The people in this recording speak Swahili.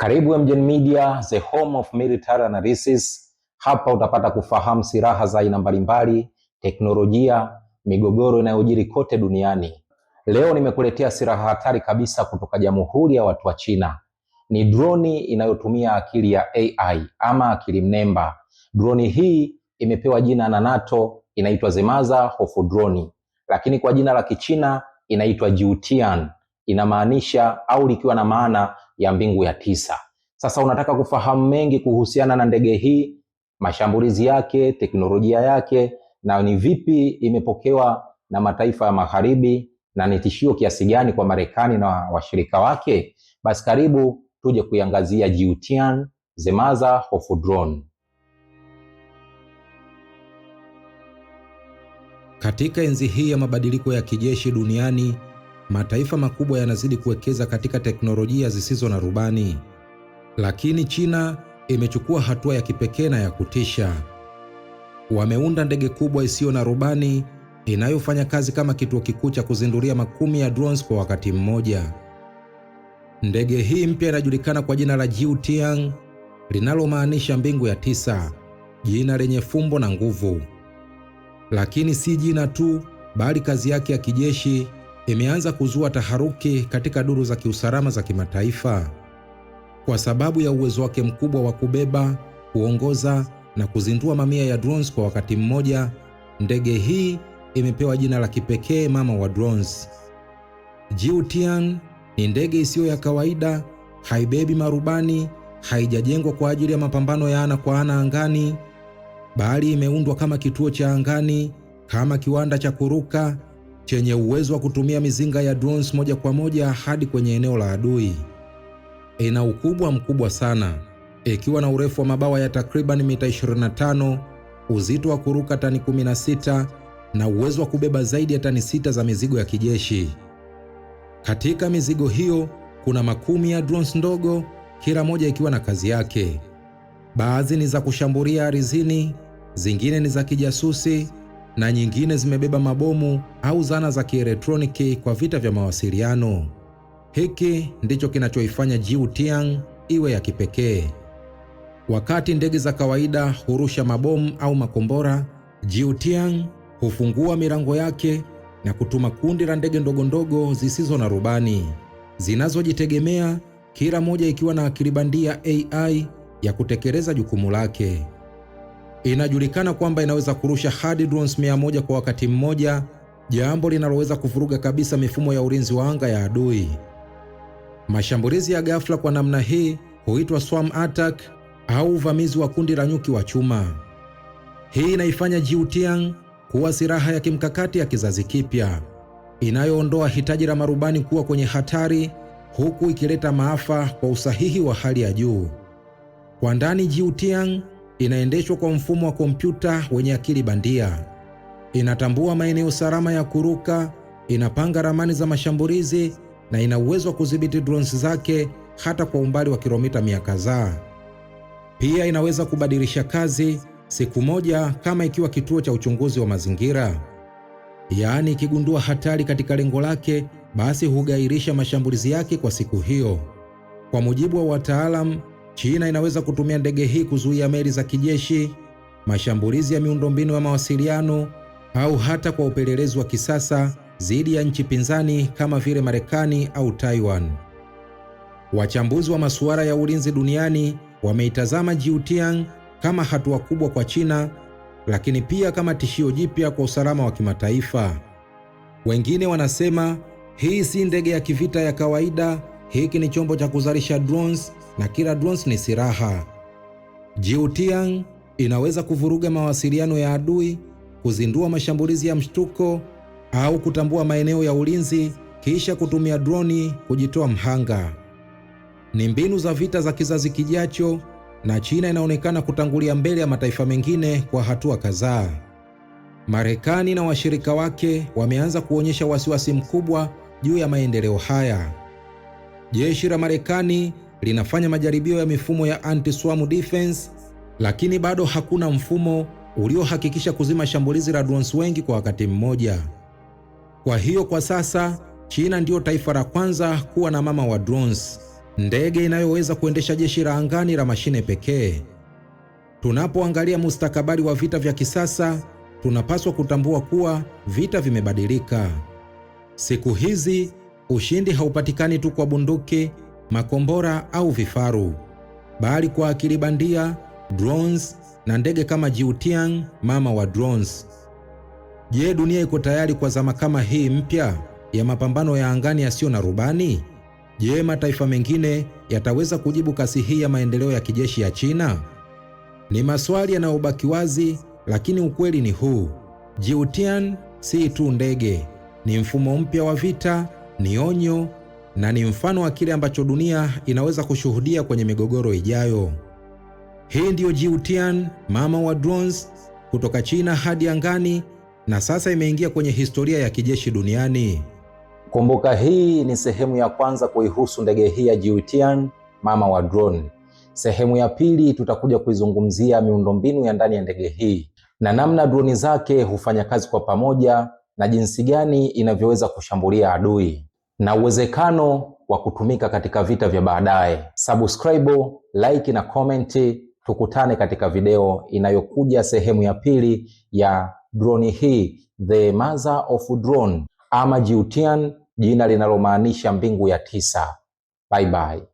Karibu MJN Media, the home of military analysis. Hapa utapata kufahamu silaha za aina mbalimbali, teknolojia, migogoro inayojiri kote duniani. Leo nimekuletea silaha hatari kabisa kutoka Jamhuri ya Watu wa China. Ni droni inayotumia akili ya AI ama akili mnemba. Droni hii imepewa jina na NATO, inaitwa Zemaza Hofu droni, lakini kwa jina la Kichina inaitwa Jiutian, inamaanisha au likiwa na maana ya mbingu ya tisa. Sasa unataka kufahamu mengi kuhusiana na ndege hii, mashambulizi yake, teknolojia yake, na ni vipi imepokewa na mataifa ya Magharibi na ni tishio kiasi gani kwa Marekani na washirika wake? Basi karibu tuje kuiangazia Jiutian Zemaza Hofu Drone. Katika enzi hii ya mabadiliko ya kijeshi duniani mataifa makubwa yanazidi kuwekeza katika teknolojia zisizo na rubani, lakini China imechukua hatua ya kipekee na ya kutisha. Wameunda ndege kubwa isiyo na rubani inayofanya kazi kama kituo kikuu cha kuzindulia makumi ya drones kwa wakati mmoja. Ndege hii mpya inajulikana kwa jina la Jiu Tiang linalomaanisha mbingu ya tisa, jina lenye fumbo na nguvu. Lakini si jina tu, bali kazi yake ya kijeshi imeanza kuzua taharuki katika duru za kiusalama za kimataifa kwa sababu ya uwezo wake mkubwa wa kubeba, kuongoza na kuzindua mamia ya drones kwa wakati mmoja. Ndege hii imepewa jina la kipekee, mama wa drones. Jiutian ni ndege isiyo ya kawaida, haibebi marubani, haijajengwa kwa ajili ya mapambano ya ana kwa ana angani, bali imeundwa kama kituo cha angani, kama kiwanda cha kuruka chenye uwezo wa kutumia mizinga ya drones moja kwa moja hadi kwenye eneo la adui. Ina ukubwa mkubwa sana, ikiwa na urefu wa mabawa ya takriban mita 25, uzito wa kuruka tani 16 na uwezo wa kubeba zaidi ya tani sita za mizigo ya kijeshi. Katika mizigo hiyo kuna makumi ya drones ndogo, kila moja ikiwa na kazi yake. Baadhi ni za kushambulia ardhini, zingine ni za kijasusi na nyingine zimebeba mabomu au zana za kielektroniki kwa vita vya mawasiliano. Hiki ndicho kinachoifanya Jiu iwe ya kipekee. Wakati ndege za kawaida hurusha mabomu au makombora, Jiu hufungua milango yake na kutuma kundi la ndege ndogo ndogo zisizo na rubani zinazojitegemea, kila moja ikiwa na akili bandia AI ya kutekeleza jukumu lake. Inajulikana kwamba inaweza kurusha hadi drones 100 kwa wakati mmoja, jambo linaloweza kuvuruga kabisa mifumo ya ulinzi wa anga ya adui. Mashambulizi ya ghafla kwa namna hii huitwa swarm attack au uvamizi wa kundi la nyuki wa chuma. Hii inaifanya Jiutiang kuwa silaha ya kimkakati ya kizazi kipya inayoondoa hitaji la marubani kuwa kwenye hatari huku ikileta maafa kwa usahihi wa hali ya juu. Kwa ndani Jiutiang inaendeshwa kwa mfumo wa kompyuta wenye akili bandia. Inatambua maeneo salama ya kuruka, inapanga ramani za mashambulizi na ina uwezo wa kudhibiti drones zake hata kwa umbali wa kilomita mia kadhaa. Pia inaweza kubadilisha kazi siku moja kama ikiwa kituo cha uchunguzi wa mazingira. Yaani, ikigundua hatari katika lengo lake, basi hugairisha mashambulizi yake kwa siku hiyo. Kwa mujibu wa wataalamu, China inaweza kutumia ndege hii kuzuia meli za kijeshi, mashambulizi ya miundombinu ya mawasiliano au hata kwa upelelezi wa kisasa dhidi ya nchi pinzani kama vile Marekani au Taiwan. Wachambuzi wa masuala ya ulinzi duniani wameitazama Jiutiang kama hatua kubwa kwa China, lakini pia kama tishio jipya kwa usalama wa kimataifa. Wengine wanasema hii si ndege ya kivita ya kawaida, hiki ni chombo cha kuzalisha drones na kila drones ni silaha. Jiutiang inaweza kuvuruga mawasiliano ya adui, kuzindua mashambulizi ya mshtuko au kutambua maeneo ya ulinzi kisha kutumia droni kujitoa mhanga. Ni mbinu za vita za kizazi kijacho na China inaonekana kutangulia mbele ya mataifa mengine kwa hatua kadhaa. Marekani na washirika wake wameanza kuonyesha wasiwasi mkubwa juu ya maendeleo haya. Jeshi la Marekani linafanya majaribio ya mifumo ya anti-swarm defense, lakini bado hakuna mfumo uliohakikisha kuzima shambulizi la drones wengi kwa wakati mmoja. Kwa hiyo kwa sasa China ndiyo taifa la kwanza kuwa na mama wa drones, ndege inayoweza kuendesha jeshi la angani la mashine pekee. Tunapoangalia mustakabali wa vita vya kisasa, tunapaswa kutambua kuwa vita vimebadilika. Siku hizi ushindi haupatikani tu kwa bunduki makombora au vifaru, bali kwa akili bandia, drones na ndege kama Jiu mama wa drones. Je, dunia iko tayari kwa zama kama hii mpya ya mapambano ya angani yasiyo na rubani? Je, mataifa mengine yataweza kujibu kasi hii ya maendeleo ya kijeshi ya China? Ni maswali yanayobaki wazi, lakini ukweli ni huu: Jiutian si tu ndege, ni mfumo mpya wa vita, ni onyo na ni mfano wa kile ambacho dunia inaweza kushuhudia kwenye migogoro ijayo. Hii ndiyo Jiutian, mama wa drones, kutoka China hadi angani, na sasa imeingia kwenye historia ya kijeshi duniani. Kumbuka, hii ni sehemu ya kwanza kuihusu ndege hii ya Jiutian, mama wa drone. Sehemu ya pili tutakuja kuizungumzia miundombinu ya ndani ya ndege hii na namna droni zake hufanya kazi kwa pamoja na jinsi gani inavyoweza kushambulia adui na uwezekano wa kutumika katika vita vya baadaye. Subscribe, like na comment. Tukutane katika video inayokuja, sehemu ya pili ya droni hii, the mother of drone, ama Jiutian, jina linalomaanisha mbingu ya tisa. Bye bye.